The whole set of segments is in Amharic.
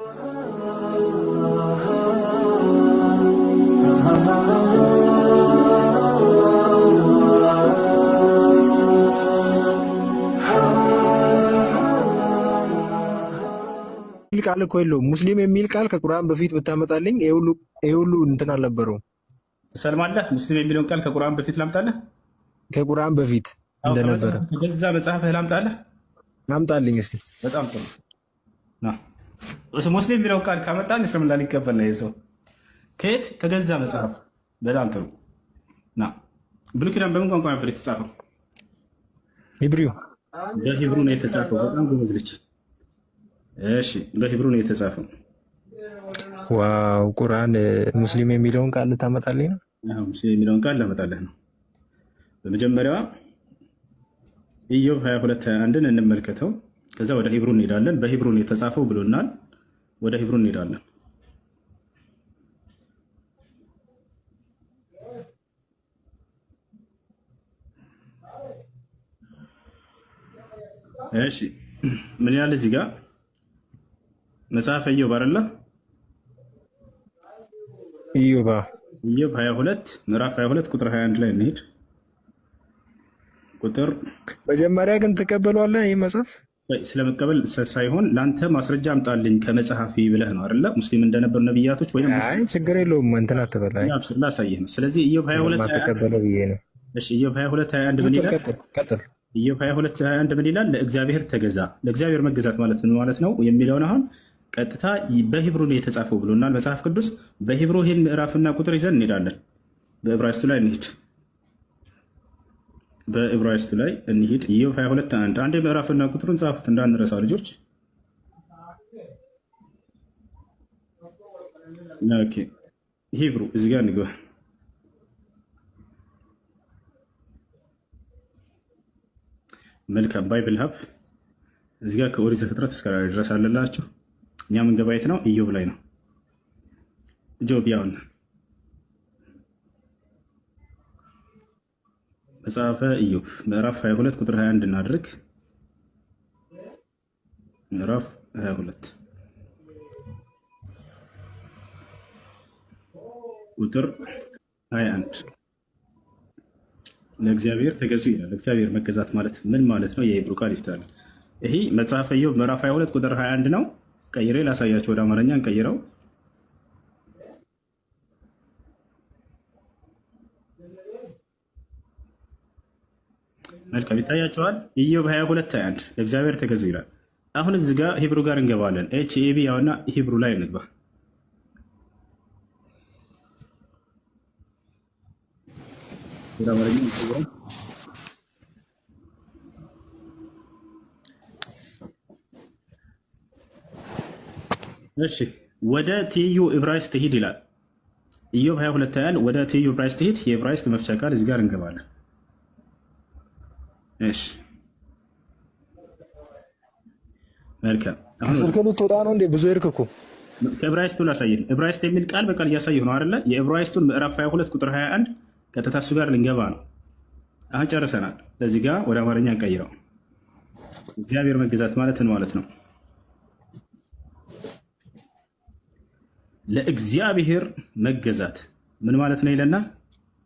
ቃል እኮ የለውም። ሙስሊም የሚል ቃል ከቁርአን በፊት ብታመጣልኝ ይሄ ሁሉ እንትን አልነበረውም። ሰልማለህ ሙስሊም የሚለውን ቃል ከቁርአን በፊት ላምጣለህ? ከቁርአን በፊት እንደነበረ በዛ መጽሐፍህ ላምጣለህ? ላምጣልኝ እስኪ። በጣም ጥሩ ሙስሊም የሚለው ቃል ካመጣን እስልምና ሊቀበል ነው የሰው ከየት ከገዛ መጽሐፍ። በጣም ጥሩ ና ብሉይ ኪዳን በምን ቋንቋ ነበር የተጻፈው? ሂብሪው በሂብሩ ነው የተጻፈው። በጣም ጎበዝ ልጅ። እሺ በሂብሩ ነው የተጻፈው። ዋው ቁርአን ሙስሊም የሚለውን ቃል ልታመጣልኝ ነው? ሙስሊም የሚለውን ቃል ላመጣልህ ነው። በመጀመሪያዋ ኢዮብ 22 21ን እንመልከተው ከዛ ወደ ሂብሩ እንሄዳለን። በሂብሩን የተጻፈው ብሎናል። ወደ ሂብሩ እንሄዳለን። እሺ ምን ያለ እዚህ ጋር መጽሐፈ ኢዮብ አይደለ? ኢዮብ ኢዮብ 22 ምዕራፍ 22 ቁጥር 21 ላይ እንሄድ። ቁጥር መጀመሪያ ግን ተቀበሏል ይህ መጽሐፍ ስለመቀበል ሳይሆን ለአንተ ማስረጃ አምጣልኝ ከመጽሐፊ ብለህ ነው አይደለ? ሙስሊም እንደነበሩ ነብያቶች ወይም ችግር የለውም እንትን አትበላ ላሳይህ ነው። ስለዚህ ኢዮብ 22 21 ምን ይላል? ለእግዚአብሔር ተገዛ። ለእግዚአብሔር መገዛት ማለት ማለት ነው የሚለውን አሁን ቀጥታ በሂብሩ ነው የተጻፈው ብሎናል መጽሐፍ ቅዱስ። በሂብሩ ይህን ምዕራፍና ቁጥር ይዘን እንሄዳለን። በዕብራይስቱ ላይ እንሄድ በዕብራይስቱ ላይ እንሂድ። ኢዮብ 22 አንድ አንዴ ምዕራፍና ቁጥሩን ጻፉት እንዳንረሳ ልጆች። ኦኬ ሂብሩ እዚህ ጋር እንግባ። መልካም ባይብል ሀብ እዚህ ጋር ከኦሪት ዘፍጥረት እስከ ራዕይ ድረስ አለላችሁ። እኛ ምንገባ ነው? ኢዮብ ላይ ነው። ጆብ ያውና መጽሐፈ ኢዮብ ምዕራፍ 22 ቁጥር 21 እናድርግ። ምዕራፍ 22 ቁጥር 21 ለእግዚአብሔር ተገዙ ይላል። እግዚአብሔር መገዛት ማለት ምን ማለት ነው? የሂብሩ ቃል ይፍታል። ይሄ መጽሐፈ ኢዮብ ምዕራፍ 22 ቁጥር 21 ነው። ቀይሬ ላሳያቸው፣ ወደ አማርኛ እንቀይረው። መልካም ይታያቸዋል። ኢዮብ 22 21 ለእግዚአብሔር ተገዙ ይላል። አሁን እዚህ ጋር ሂብሩ ጋር እንገባለን። ኤች ኤቢ ያውና ሂብሩ ላይ እንግባ። እሺ ወደ ትይዩ ዕብራይስጥ ሂድ ይላል ኢዮብ 22 21 ወደ ትይዩ ዕብራይስጥ ሂድ። የዕብራይስጥ መፍቻ ቃል እዚህ ጋር እንገባለን። እሺ መልካም ስልክ ልትወጣ ነው እንዴ? ብዙ ሄድክ እኮ። ከዕብራይስጡ ላሳየህ። ዕብራይስጥ የሚል ቃል በቃል እያሳየሁ ነው አይደለ? የዕብራይስጡን ምዕራፍ 22 ቁጥር 21 ቀጥታ እሱ ጋር ልንገባ ነው። አሁን ጨርሰናል። ለዚህ ጋር ወደ አማርኛ ቀይረው። እግዚአብሔር መገዛት ማለትን ማለት ነው። ለእግዚአብሔር መገዛት ምን ማለት ነው ይለናል።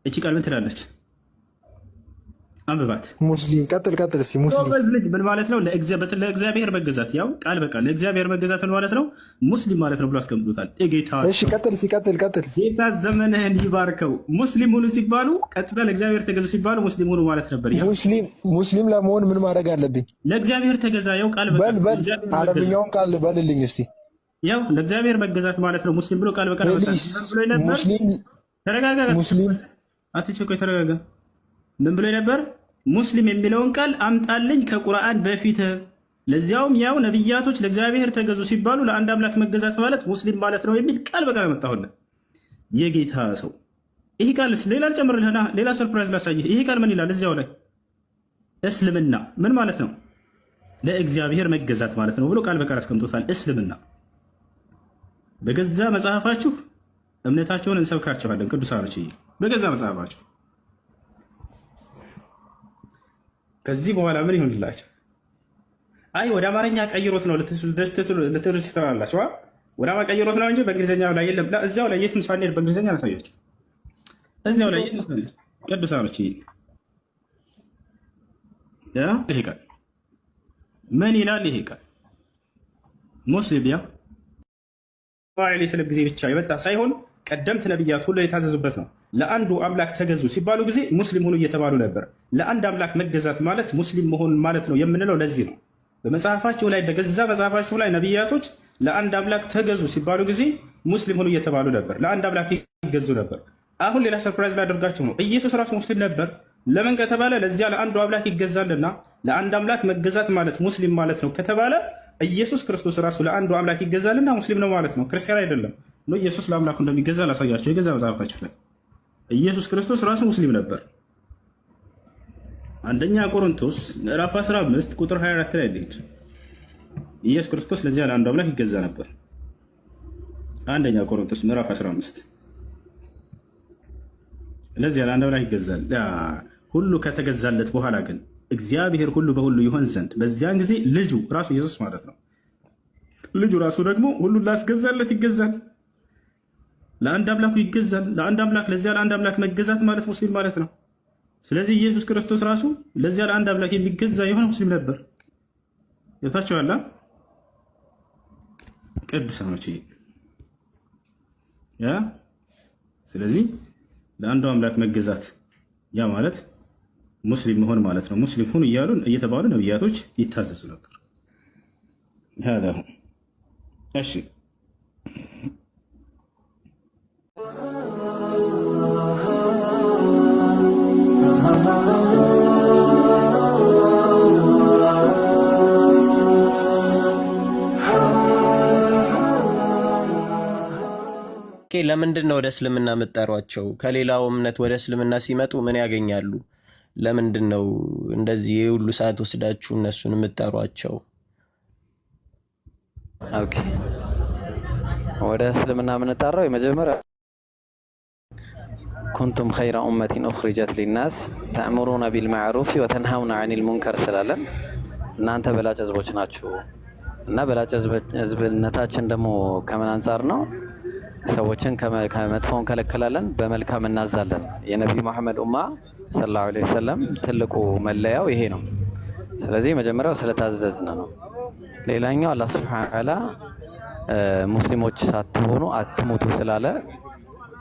እቺ ቃል ምን ትላለች? አንብባት ሙስሊም ቀጥል ቀጥል እስኪ ሙስሊም ልጅ ምን ማለት ነው ለእግዚአብሔር መገዛት ያው ቃል በቃል ለእግዚአብሔር መገዛት ምን ማለት ነው ሙስሊም ማለት ነው ብሎ አስቀምጦታል ቀጥል ቀጥል ቀጥል። ጌታ ዘመንህን ይባርከው ሙስሊም ሁኑ ሲባሉ ቀጥታ ለእግዚአብሔር ተገዙ ሲባሉ ሙስሊም ሁኑ ማለት ነበር ሙስሊም ለመሆን ምን ማድረግ አለብኝ ለእግዚአብሔር ተገዛ ያው ቃል በቃል በል አረብኛውን ቃል በልልኝ እስኪ ያው ለእግዚአብሔር መገዛት ማለት ነው ሙስሊም ብሎ ቃል በቃል ተረጋጋ ሙስሊም አትቸኮይ ተረጋጋ ምን ብሎ ነበር? ሙስሊም የሚለውን ቃል አምጣልኝ ከቁርአን በፊት ለዚያውም ያው ነቢያቶች ለእግዚአብሔር ተገዙ ሲባሉ ለአንድ አምላክ መገዛት ማለት ሙስሊም ማለት ነው የሚል ቃል በቃል አመጣሁልህ። የጌታ ሰው ይህ ቃል ሌላ ልጨምርልህና ሌላ ሰርፕራይዝ ላሳይ። ይህ ቃል ምን ይላል እዚያው ላይ እስልምና ምን ማለት ነው? ለእግዚአብሔር መገዛት ማለት ነው ብሎ ቃል በቃል አስቀምጦታል። እስልምና በገዛ መጽሐፋችሁ እምነታቸውን እንሰብካቸዋለን ቅዱሳኖች፣ በገዛ መጽሐፋችሁ ከዚህ በኋላ ምን ይሁንላቸው? አይ ወደ አማርኛ ቀይሮት ነው ልትርስ ትላላቸው። ወደ አማ ቀይሮት ነው እንጂ በእንግሊዝኛ ላይ የለም። እዚያው ላይ የትም ሳንሄድ በእንግሊዝኛ ላሳያቸው። እዚያው ላይ የትም ሳንሄድ ቅዱሳኖች ይሄ ቃል ምን ይላል? ይሄ ቃል ሙስሊም ያ ስለ ጊዜ ብቻ የመጣ ሳይሆን ቀደምት ነቢያት ሁሉ የታዘዙበት ነው። ለአንዱ አምላክ ተገዙ ሲባሉ ጊዜ ሙስሊም ሆኑ እየተባሉ ነበር። ለአንድ አምላክ መገዛት ማለት ሙስሊም መሆን ማለት ነው የምንለው ለዚህ ነው። በመጽሐፋቸው ላይ በገዛ መጽሐፋቸው ላይ ነቢያቶች ለአንድ አምላክ ተገዙ ሲባሉ ጊዜ ሙስሊም ሆኑ እየተባሉ ነበር። ለአንድ አምላክ ይገዙ ነበር። አሁን ሌላ ሰርፕራይዝ ላደርጋቸው ነው። ኢየሱስ ራሱ ሙስሊም ነበር። ለምን ከተባለ ለዚያ ለአንዱ አምላክ ይገዛልና፣ ለአንድ አምላክ መገዛት ማለት ሙስሊም ማለት ነው ከተባለ ኢየሱስ ክርስቶስ ራሱ ለአንዱ አምላክ ይገዛልና ሙስሊም ነው ማለት ነው። ክርስቲያን አይደለም ነው። ኢየሱስ ለአምላኩ እንደሚገዛ ላሳያቸው የገዛ መጽሐፋችሁ ላይ ኢየሱስ ክርስቶስ ራሱ ሙስሊም ነበር። አንደኛ ቆሮንቶስ ምዕራፍ 15 ቁጥር 24 ላይ ልሂድ። ኢየሱስ ክርስቶስ ለዚያ ለአንዱ አምላክ ይገዛ ነበር። አንደኛ ቆሮንቶስ ምዕራፍ 15 ለዚያ ለአንዱ አምላክ ይገዛል። ሁሉ ከተገዛለት በኋላ ግን እግዚአብሔር ሁሉ በሁሉ ይሆን ዘንድ በዚያን ጊዜ ልጁ ራሱ ኢየሱስ ማለት ነው። ልጁ ራሱ ደግሞ ሁሉን ላስገዛለት ይገዛል። ለአንድ አምላኩ ይገዛል። ለአንድ አምላክ ለዚያ ለአንድ አምላክ መገዛት ማለት ሙስሊም ማለት ነው። ስለዚህ ኢየሱስ ክርስቶስ ራሱ ለዚያ ለአንድ አምላክ የሚገዛ የሆነ ሙስሊም ነበር። የታቸዋላ ቅዱሳኖች ያ ስለዚህ ለአንዱ አምላክ መገዛት ያ ማለት ሙስሊም መሆን ማለት ነው። ሙስሊም ሁኑ እያሉ እየተባሉ ነብያቶች ይታዘዙ ነበር። እሺ ለምንድን ነው ወደ እስልምና የምጠሯቸው? ከሌላው እምነት ወደ እስልምና ሲመጡ ምን ያገኛሉ? ለምንድን ነው እንደዚህ የሁሉ ሰዓት ወስዳችሁ እነሱን የምጠሯቸው? ኦኬ ወደ እስልምና የምንጠራው የመጀመሪያ ኩንቱም ኸይረ ኡመቲን ኡኽሪጀት ሊናስ ተእምሩነ ቢልማዕሩፍ ወተንሃውነ አኒል ሙንከር ስላለን እናንተ በላጭ ህዝቦች ናችሁ እና በላጭ ህዝብነታችን ደግሞ ከምን አንጻር ነው ሰዎችን ከመጥፎ እንከለከላለን፣ በመልካም እናዛለን። የነቢዩ መሐመድ ኡማ ሰለላሁ ዐለይሂ ወሰለም ትልቁ መለያው ይሄ ነው። ስለዚህ መጀመሪያው ስለታዘዝን ነው። ሌላኛው አላህ ሱብሓነሁ ወተዓላ ሙስሊሞች ሳትሆኑ አትሙቱ ስላለ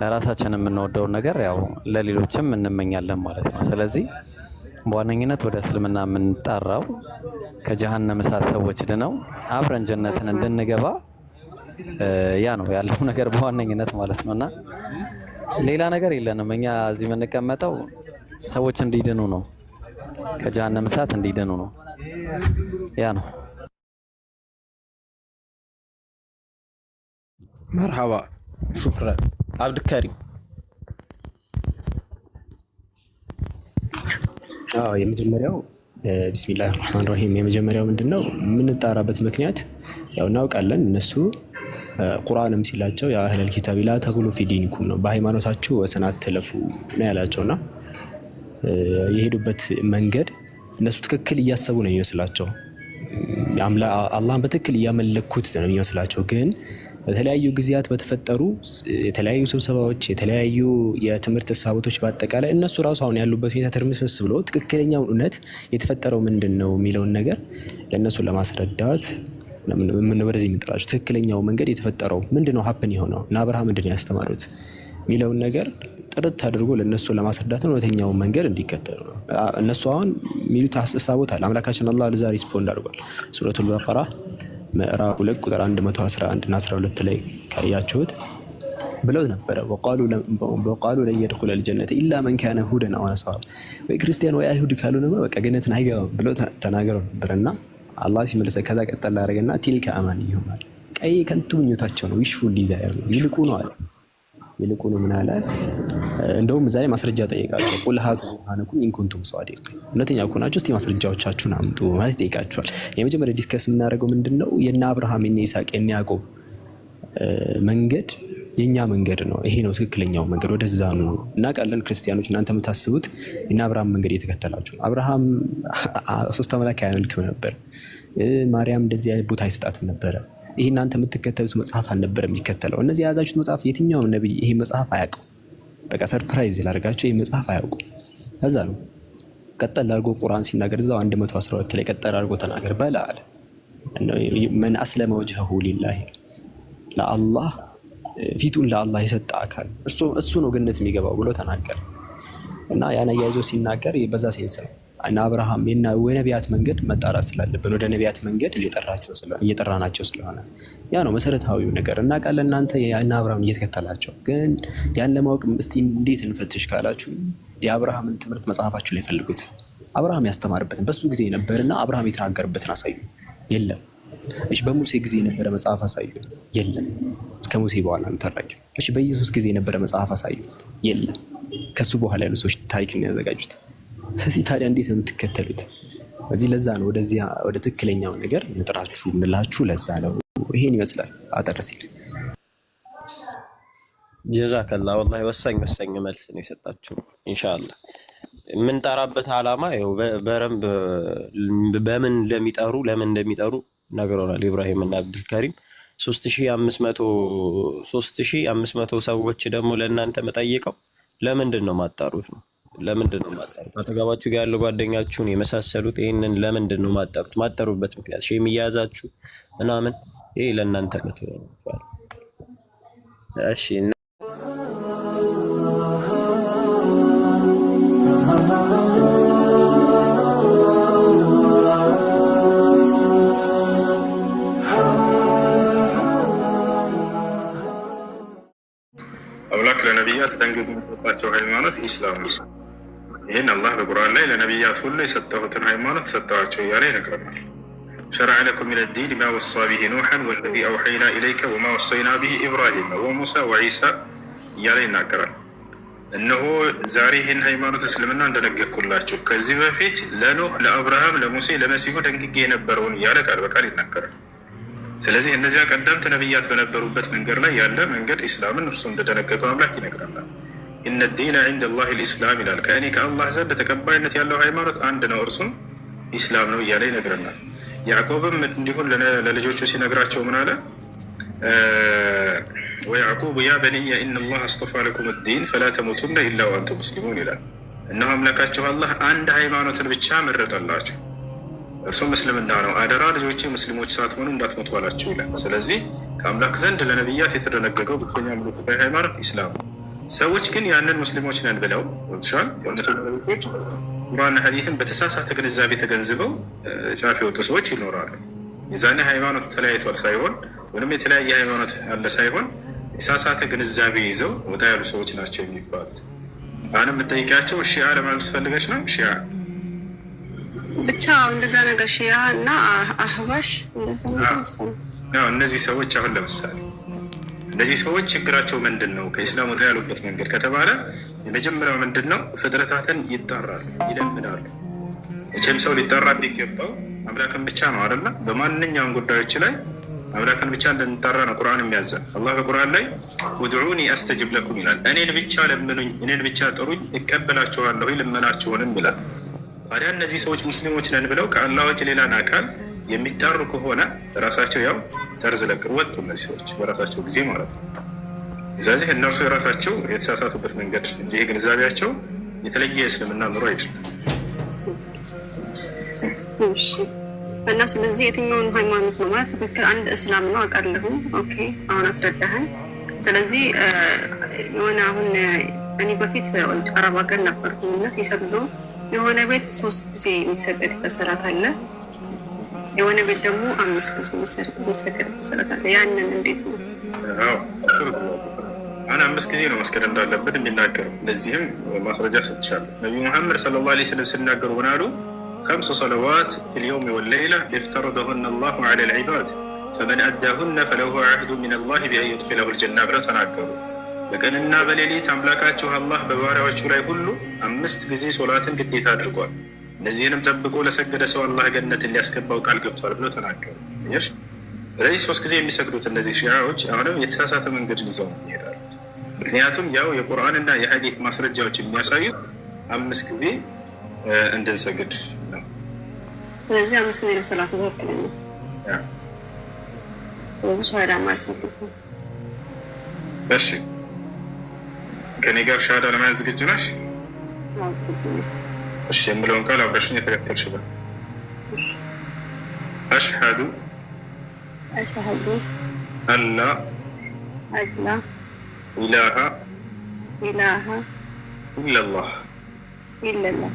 ለራሳችን የምንወደውን ነገር ያው ለሌሎችም እንመኛለን ማለት ነው። ስለዚህ በዋነኝነት ወደ እስልምና የምንጠራው ከጀሃነም እሳት ሰዎች ድነው አብረን ጀነትን እንድንገባ ያ ነው ያለው ነገር በዋነኝነት ማለት ነው። እና ሌላ ነገር የለንም። እኛ እዚህ የምንቀመጠው ሰዎች እንዲድኑ ነው፣ ከጀሃነም እሳት እንዲድኑ ነው። ያ ነው። መርሐባ ሹክራን አብድከሪም አዎ የመጀመሪያው ቢስሚላህ ራህማን ራሂም የመጀመሪያው ምንድን ነው የምንጣራበት ምክንያት ያው እናውቃለን እነሱ ቁርአንም ሲላቸው ያ አህለል ኪታብ ላ ተግሉ ፊ ዲኒኩም ነው፣ በሃይማኖታችሁ ወሰን አትለፉ ነው ያላቸው እና የሄዱበት መንገድ እነሱ ትክክል እያሰቡ ነው የሚመስላቸው፣ አላህን በትክክል እያመለኩት ነው የሚመስላቸው። ግን በተለያዩ ጊዜያት በተፈጠሩ የተለያዩ ስብሰባዎች፣ የተለያዩ የትምህርት ተሳቦቶች፣ በአጠቃላይ እነሱ ራሱ አሁን ያሉበት ሁኔታ ትርምስምስ ብሎ ትክክለኛውን እውነት የተፈጠረው ምንድን ነው የሚለውን ነገር ለእነሱ ለማስረዳት ወደዚህ የምንጠራቸው ትክክለኛው መንገድ የተፈጠረው ምንድነው ሀፕን የሆነው እና አብርሃ ምንድን ያስተማሩት የሚለውን ነገር ጥርት አድርጎ ለእነሱ ለማስረዳት ነው። እውነተኛውን መንገድ እንዲከተሉ ነው። እነሱ አሁን የሚሉት አስተሳቦታል። አምላካችን አላህ ለዛ ሪስፖንድ አድርጓል። ሱረቱል በቀራ ምዕራፍ ሁለት ቁጥር 111 እና 12 ላይ ካያችሁት ብለው ነበረ በቃሉ ለን የድኹለል ጀነተ ኢላ መን ካነ ሁደን አው ነሳራ፣ ወይ ክርስቲያን ወይ አይሁድ ካልሆነ በቃ ገነትን አይገባም ብለው ተናገረው ነበር እና አላህ ሲመለሰ ከዛ ቀጠል አደረገና ቲልከ አማን ይሆናል። ቀይ ከንቱ ምኞታቸው ነው፣ ዊሽፉል ዲዛይር ነው። ይልቁ ነው አለ ይልቁ ነው ምን አለ? እንደውም እዛ ላይ ማስረጃ ጠይቃቸው። ቁል ሃቱ ቡርሃነኩም ኢን ኩንቱም ሷዲቅ፣ እውነተኛ ከሆናችሁ እስቲ ማስረጃዎቻችሁን አምጡ ማለት ይጠይቃቸዋል። የመጀመሪያ ዲስከስ የምናደርገው ምንድን ነው የእነ አብርሃም የነ ይስሐቅ የነ ያዕቆብ መንገድ የእኛ መንገድ ነው። ይሄ ነው ትክክለኛው መንገድ፣ ወደዛ ነው እናውቃለን። ክርስቲያኖች እናንተ የምታስቡት እና አብርሃም መንገድ እየተከተላችሁ አብርሃም ሶስት አምላክ አያመልክም ነበር። ማርያም እንደዚህ ቦታ አይሰጣትም ነበረ። ይህ እናንተ የምትከተሉት መጽሐፍ አልነበረ የሚከተለው። እነዚህ የያዛችሁት መጽሐፍ የትኛውም ነቢይ ይሄ መጽሐፍ አያውቅም። በቃ ሰርፕራይዝ ላደርጋቸው፣ ይህ መጽሐፍ አያውቁም። ከዛ ነው ቀጠል አድርጎ ቁርአን ሲናገር እዛው 112 ላይ ቀጠል አድርጎ ተናገር በላል መን አስለመ ወጅሀሁ ሊላሂ ለአላህ ፊቱን ለአላህ የሰጠ አካል እሱ ነው ገነት የሚገባው ብሎ ተናገረ እና ያን አያይዞ ሲናገር በዛ ሴንስ ነው እና አብርሃም እና የነቢያት መንገድ መጣራት ስላለብን ወደ ነቢያት መንገድ እየጠራናቸው ስለሆነ ያ ነው መሰረታዊው ነገር እና እናንተ እና አብርሃምን እየተከተላቸው ግን ያን ለማወቅ እስቲ እንዴት እንፈትሽ ካላችሁ የአብርሃምን ትምህርት መጽሐፋችሁ ላይ ፈልጉት። አብርሃም ያስተማርበትን በሱ ጊዜ ነበርና አብርሃም የተናገርበትን አሳዩ የለም እሺ በሙሴ ጊዜ የነበረ መጽሐፍ አሳዩ። የለም። ከሙሴ በኋላ ነው ተራኪው። እሺ በኢየሱስ ጊዜ የነበረ መጽሐፍ አሳዩ። የለም። ከሱ በኋላ ያሉ ሰዎች ታሪክ ነው ያዘጋጁት። ስለዚህ ታዲያ እንዴት ነው የምትከተሉት? እዚህ ለዛ ነው ወደዚያ ወደ ትክክለኛው ነገር ንጥራችሁ እንላችሁ። ለዛ ነው ይሄን ይመስላል። አጠር ሲል ጀዛከላ ወላሂ ወሳኝ ወሳኝ መልስ ነው የሰጣችሁ። ኢንሻአላ የምንጠራበት አላማ ይኸው በረም በምን ለሚጠሩ ለምን እንደሚጠሩ ነግረውናል። ኢብራሂም እና አብዱልከሪም አምስት መቶ ሰዎች ደግሞ ለእናንተ መጠየቀው ለምንድን ነው ማጣሩት ነው? ለምንድን ነው ማጣሩት? አጠገባችሁ ጋር ያለው ጓደኛችሁን የመሳሰሉት ይህንን ለምንድን ነው ማጣሩት? ማጠሩበት ምክንያት ሼም እየያዛችሁ ምናምን ይሄ ለእናንተ መቶ ነው። እሺ ሃይማኖት ኢስላም ነው። ይህን አላህ በቁርአን ላይ ለነቢያት ሁሉ የሰጠሁትን ሃይማኖት ሰጠዋቸው እያለ ይነግረናል። ሸርዐ ለኩም ሚነ ዲን ማ ወሳ ብሂ ኑሐን ወለዚ አውሐይና ኢለይከ ወማ ወሰይና ብሂ ኢብራሂም ወሙሳ ወዒሳ እያለ ይናገራል። እነሆ ዛሬ ይህን ሃይማኖት እስልምና እንደነገርኩላችሁ ከዚህ በፊት ለኖህ፣ ለአብርሃም፣ ለሙሴ፣ ለመሲሁ ደንግጌ የነበረውን እያለ ቃል በቃል ይናገራል። ስለዚህ እነዚያ ቀደምት ነቢያት በነበሩበት መንገድ ላይ ያለ መንገድ ኢስላምን እርሱ እንደደነገገው አምላክ ይነግረናል። ኢነ ዲነ ዒንደ ላሂ ይላል። ከእኔ ከአላህ ዘንድ ተቀባይነት ያለው ሃይማኖት አንድ ነው፣ እርሱም ኢስላም ነው እያለ ይነግረናል። ያዕቆብም እንዲሁን ለልጆቹ ሲነግራቸው ምን አለ? ወያዕቁብ ያ በንየ ኢና ላህ አስጠፋ ለኩም ዲን ፈላ ተሞቱና ኢላ ወአንቱ ሙስሊሙን ይላል። እነሆ አምላካችሁ አላህ አንድ ሃይማኖትን ብቻ መረጠላችሁ፣ እርሱም እስልምና ነው። አደራ ልጆቼ ሙስሊሞች ሳትሆኑ እንዳትሞቱ አላችሁ ይላል። ስለዚህ ከአምላክ ዘንድ ለነቢያት የተደነገገው ብቸኛ ምልክታዊ ሃይማኖት ኢስላም ነው። ሰዎች ግን ያንን ሙስሊሞች ነን ብለው ሻል ቁርአንና ሀዲትን በተሳሳተ ግንዛቤ ተገንዝበው ጫፍ የወጡ ሰዎች ይኖራሉ። የዛኔ ሃይማኖት ተለያይቷል ሳይሆን ወይም የተለያየ ሃይማኖት አለ ሳይሆን የተሳሳተ ግንዛቤ ይዘው ወጣ ያሉ ሰዎች ናቸው የሚባሉት። አሁን የምጠይቃቸው ሺያ ለማለት ፈልገች ነው። ሺያ ብቻ እንደዛ ነገር ሺያ እና አህባሽ እነዚህ ሰዎች አሁን ለምሳሌ እነዚህ ሰዎች ችግራቸው ምንድን ነው? ከኢስላም ወጣ ያሉበት መንገድ ከተባለ የመጀመሪያው ምንድን ነው? ፍጥረታትን ይጣራሉ፣ ይለምናሉ። መቼም ሰው ሊጠራ የሚገባው አምላክን ብቻ ነው አይደለ? በማንኛውም ጉዳዮች ላይ አምላክን ብቻ እንድንጠራ ነው ቁርአን የሚያዘ። አላህ በቁርአን ላይ ውድዑኒ አስተጅብ ለኩም ይላል። እኔን ብቻ ለምኑኝ፣ እኔን ብቻ ጥሩኝ፣ እቀበላችኋለሁ ልመናችሁንም ይላል። ታዲያ እነዚህ ሰዎች ሙስሊሞች ነን ብለው ከአላህ ውጭ ሌላን አካል የሚጠሩ ከሆነ ራሳቸው ያው ተርዝ ለቅር ወጡ። እነዚህ ሰዎች በራሳቸው ጊዜ ማለት ነው። ስለዚህ እነርሱ የራሳቸው የተሳሳቱበት መንገድ እንጂ ግንዛቤያቸው የተለየ እስልምና ኑሮ አይደለም እና ስለዚህ የትኛውን ሃይማኖት ነው ማለት ትክክል አንድ እስላም ነው አውቃለሁ። ኦኬ አሁን አስረዳህን። ስለዚህ የሆነ አሁን እኔ በፊት አረብ ሀገር ነበርኩ እና ሲሰግዱ የሆነ ቤት ሶስት ጊዜ የሚሰገድበት ሰላት አለ የሆነ ቤት ደግሞ አምስት ጊዜ መሰገድ መሰረታለ። ያንን እንዴት ነው? አሁን አምስት ጊዜ ነው መስገድ እንዳለበት የሚናገሩ። ለዚህም ማስረጃ ሰጥቻለሁ። ነቢዩ መሐመድ ሰለላሁ ዐለይሂ ወሰለም ሲናገሩ ምን አሉ? ከምሱ ሰለዋት ፊልየውም ወለይላ እፍተረደሁነ አላሁ ዐላ ልዒባድ ፈመን አዳሁነ ፈለሁ አህዱ ምን ላህ ቢአን ዩድኪለሁ ልጀና ብለው ተናገሩ። በቀንና በሌሊት አምላካችሁ አላህ በባሪያዎቹ ላይ ሁሉ አምስት ጊዜ ሶላትን ግዴታ አድርጓል። እነዚህንም ጠብቆ ለሰገደ ሰው አላህ ገነትን ሊያስገባው ቃል ገብቷል ብሎ ተናገሩ። ስለዚህ ሶስት ጊዜ የሚሰግዱት እነዚህ ሺዓዎች አሁንም የተሳሳተ መንገድን ይዘው ነው ይሄዳሉት። ምክንያቱም ያው የቁርአንና የሀዲት ማስረጃዎች የሚያሳዩት አምስት ጊዜ እንድንሰግድ ነው። ስለዚህ አምስት ጊዜ ሰላቱ ትክክለኛ እሺ ከኔ ጋር ሻዳ ለመያዝ ዝግጁ ነሽ? اشي ملون كلا بشني ثلاثة شبا أشهد أشهد أن لا أن إله إله إلا الله إلا الله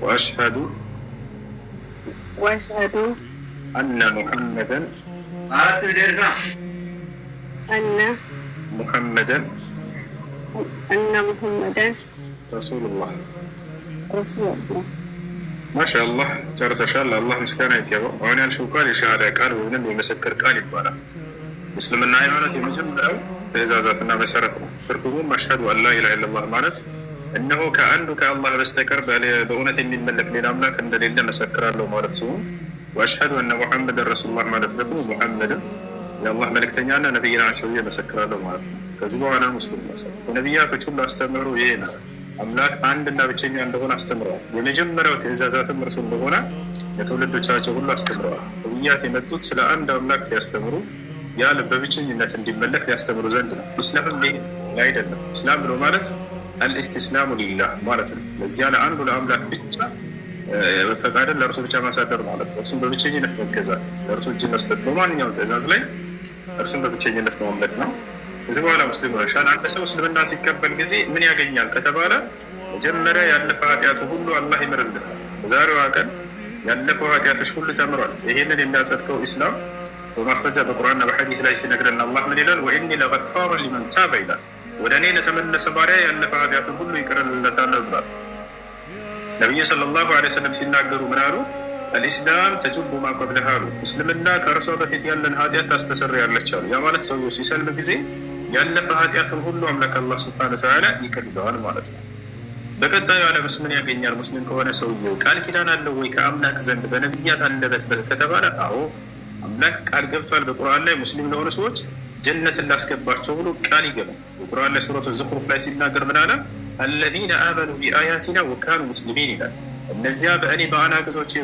وأشهد وأشهد أن محمدا أن محمدا أن محمدا رسول الله ደረሱ ማለት ነው። ማሻአላህ ጨርሰሻል። አላህ ምስጋና ይገባው። አሁን ያልሽው ቃል የሸሃዳ ቃል ወይም የምስክር ቃል ይባላል። እስልምና ሃይማኖት የመጀመሪያው ትእዛዛትና መሰረት ነው። ትርጉሙም አሽሀዱ አን ላ ኢላሀ ኢለላህ ማለት እነሆ ከአንዱ ከአላህ በስተቀር በእውነት የሚመለክ ሌላ አምላክ እንደሌለ መሰክራለሁ ማለት ሲሆን ወአሽሀዱ አነ ሙሐመድን ረሱሉላህ ማለት ደግሞ ሙሐመድን የአላህ መልእክተኛና ነቢይ ናቸው መሰክራለሁ ማለት ነው። ከዚህ በኋላ ሙስሊም ነቢያቶች ሁሉ አስተምህሮ ይሄ ነው። አምላክ አንድና ብቸኛ እንደሆነ አስተምረዋል። የመጀመሪያው ትእዛዛትም እርሱ እንደሆነ ለትውልዶቻቸው ሁሉ አስተምረዋል። ነቢያት የመጡት ስለ አንድ አምላክ ሊያስተምሩ ያለ በብቸኝነት እንዲመለክ ሊያስተምሩ ዘንድ ነው። ኢስላምም ይህ አይደለም። ኢስላም ብሎ ማለት አልእስትስላሙ ሊላህ ማለት ነው። ለዚያ ለአንዱ ለአምላክ ብቻ መፈቃደን ለእርሱ ብቻ ማሳደር ማለት ነው። እርሱም በብቸኝነት መገዛት፣ ለእርሱ እጅ መስጠት፣ በማንኛውም ትእዛዝ ላይ እርሱም በብቸኝነት መመለክ ነው። ከዚህ በኋላ ሙስሊም ሆነሻል። አንድ ሰው እስልምና ሲቀበል ጊዜ ምን ያገኛል ከተባለ መጀመሪያ ያለፈ ኃጢአቱ ሁሉ አላህ ይምርልህ። በዛሬዋ ቀን ያለፈው ኃጢአቶች ሁሉ ተምሯል። ይህንን የሚያጸድቀው ኢስላም በማስረጃ በቁርአንና በሐዲስ ላይ ሲነግረን አላህ ምን ይላል? ወኢኒ ለገፋሩ ሊመን ታበ ይላል። ወደ እኔ ለተመለሰ ባሪያ ያለፈ ኃጢአቱን ሁሉ ይቅርልለታለሁ ብሏል። ነቢዩ ሰለላሁ ዐለይሂ ወሰለም ሲናገሩ ምን አሉ? አልኢስላም ተጅቡ ማቀብለሃ አሉ። እስልምና ከእርሷ በፊት ያለን ኃጢአት ታስተሰርያለች አሉ። ያ ማለት ሰው ሲሰልም ጊዜ ያለፈ ኃጢአትን ሁሉ አምላክ አላህ ስብሐነ ተዓላ ይቅር ይለዋል ማለት ነው። በቀጣዩ ዓለምስ ምስምን ያገኛል? ሙስሊም ከሆነ ሰውየው ቃል ኪዳን አለው ወይ ከአምላክ ዘንድ በነቢያት አንደበት ከተባለ አዎ አምላክ ቃል ገብቷል። በቁርአን ላይ ሙስሊም ለሆኑ ሰዎች ጀነት ላስገባቸው ብሎ ቃል ይገባል። በቁርአን ላይ ሱረቱ ዝኽሩፍ ላይ ሲናገር ምን አለ? አለዚነ አመኑ ቢአያቲና ወካኑ ሙስሊሚን ይላል። እነዚያ በእኔ በአና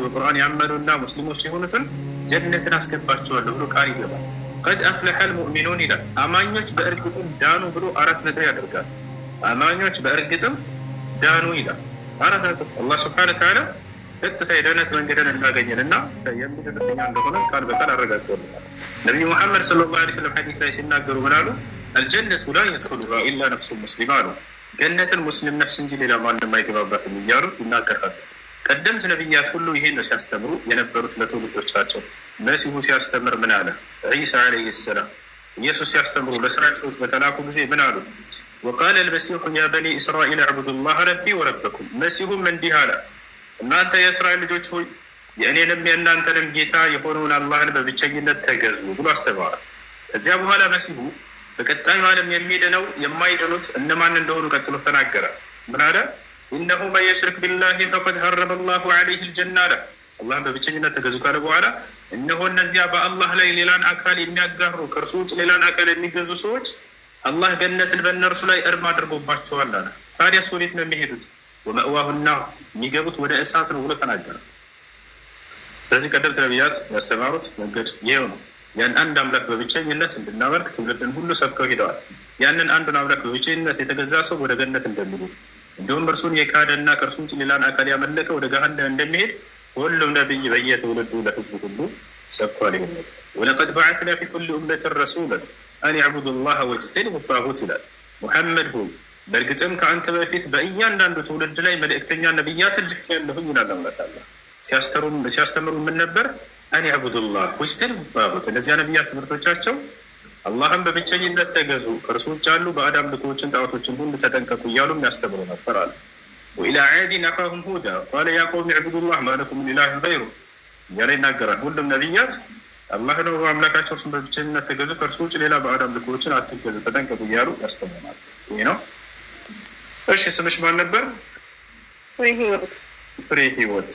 በቁርአን ያመኑና ሙስሊሞች የሆኑትን ጀነትን አስገባቸዋለሁ ብሎ ቃል ይገባል። ቀድ አፍለሐል ሙእሚኑን ይላል። አማኞች በእርግጥም ዳኑ ብሎ አራት ነጥብ ያደርጋል። አማኞች በእርግጥም ዳኑ ይላል። አራት ነጥብ አላህ ስብሐነ ተዓላ ቀጥታ የደህነት መንገድን እናገኘን እና የሚድንተኛ እንደሆነ ቃል በቃል አረጋግጦልናል። ነቢዩ መሐመድ ሰለላሁ ዐለይሂ ወሰለም ሐዲስ ላይ ሲናገሩ ምን አሉ? አልጀነቱ ላ የድኹሉሃ ኢላ ነፍሱ ሙስሊም አሉ። ገነትን ሙስሊም ነፍስ እንጂ ሌላ ማንም አይገባባትም እያሉ ይናገራሉ። ቀደምት ነቢያት ሁሉ ይሄን ነው ሲያስተምሩ የነበሩት ለትውልዶቻቸው መሲሁ ሲያስተምር ምን አለ? ዒሳ ዓለይሂ ሰላም ኢየሱስ ሲያስተምሩ ለእስራኤል ሰዎች በተላኩ ጊዜ ምን አሉ? ወቃለ ልመሲሑ ያ በኒ እስራኤል አዕቡዱ ላህ ረቢ ወረበኩም። መሲሁም እንዲህ አለ፣ እናንተ የእስራኤል ልጆች ሆይ የእኔንም የእናንተንም ጌታ የሆነውን አላህን በብቸኝነት ተገዙ ብሎ አስተማረ። ከዚያ በኋላ መሲሁ በቀጣዩ ዓለም የሚድነው የማይድኑት እነማን እንደሆኑ ቀጥሎ ተናገረ። ምን አለ? ኢነሁ መን የሽርክ ቢላሂ ፈቀድ ሀረመ ላሁ ዓለይህ ልጀና አለ አላህን በብቸኝነት ተገዙ ካለ በኋላ እነሆ እነዚያ በአላህ ላይ ሌላን አካል የሚያጋሩ ከእርሱ ውጭ ሌላን አካል የሚገዙ ሰዎች አላህ ገነትን በእነርሱ ላይ እርም አድርጎባቸዋል አለ። ታዲያ ሰው ቤት ነው የሚሄዱት፣ ወመእዋሁና የሚገቡት ወደ እሳት ነው ብሎ ተናገረ። ስለዚህ ቀደምት ነቢያት ያስተማሩት መንገድ ይሄው ነው። ያን አንድ አምላክ በብቸኝነት እንድናመልክ ትውልድን ሁሉ ሰብከው ሂደዋል። ያንን አንዱን አምላክ በብቸኝነት የተገዛ ሰው ወደ ገነት እንደሚሄድ እንዲሁም እርሱን የካደና ከእርሱ ውጭ ሌላን አካል ያመለከ ወደ ገሃነም እንደሚሄድ ሁሉም ነቢይ በየትውልዱ ለህዝቡ ሁሉ ሰብኳል ይህን ወለቀድ በዓትና ፊ ኩል እምነትን ረሱለን አን ያዕቡዱ ላህ ወጅተኒቡ ጣሁት ይላል። ሙሐመድ ሆይ በእርግጥም ከአንተ በፊት በእያንዳንዱ ትውልድ ላይ መልእክተኛ ነቢያትን ልክ ያለሁኝ ይላል አምላክ ሲያስተምሩ ምን ነበር? አን ያዕቡዱ ላህ ወጅተኒቡ ጣሁት። እነዚያ ነቢያት ትምህርቶቻቸው አላህም በብቸኝነት ተገዙ፣ ከእርሱ ውጭ ያሉ በአዳም ልኮዎችን ጣዖቶችን ሁሉ ተጠንቀቁ እያሉም ያስተምሩ ነበር አለ። ወኢላ ዓድን አኻሁም ሁዳ ቃለ ያ ቀውም ዕቡዱላህ ማ ለኩም ሚን ገይሩ እያለ ይናገራል። ሁሉም ነቢያት አላህ ነው አምላካቸው፣ እርሱን በብቸኝነት ተገዙ፣ ከእርሱ ውጭ ሌላ ባዕድ አምልኮዎችን አትገዙ፣ ተጠንቀቁ እያሉ ያስተምረናል። ይህ ነው። እሺ ስምሽ ማን ነበር? ፍሬ ህይወት።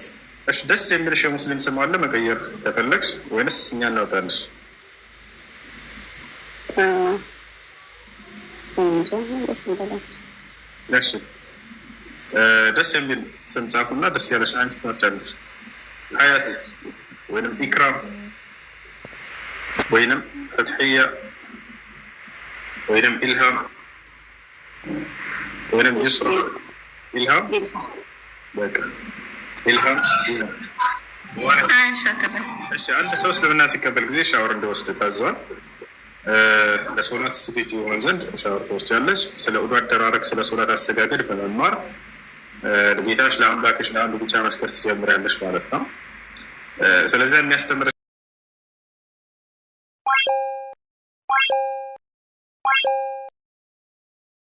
እሺ ደስ የሚልሽ የሙስሊም ስም አለ መቀየር ከፈለግሽ ወይንስ እኛ እናውጣልሽ? እሺ ደስ የሚል ስም ጻፉና ደስ ያለሽ አንቺ ትመርጫለሽ። ሀያት ወይንም ኢክራም ወይንም ፈትሕያ ወይንም ኢልሃም ወይንም ዩስራ ኢልሃም በቃ ኢልሃም አንድ ሰው እስልምና ሲቀበል ጊዜ ሻወር እንደወስድ ታዘዋል። ለሶላት ዝግጁ ይሆን ዘንድ ሻወር ተወስጃለች። ስለ ኡዱ አደራረግ፣ ስለ ሶላት አሰጋገድ በመማር ጌታሽ ለአምላክሽ ለአንዱ ብቻ መስከር ትጀምሪያለሽ ማለት ነው። ስለዚያ የሚያስተምር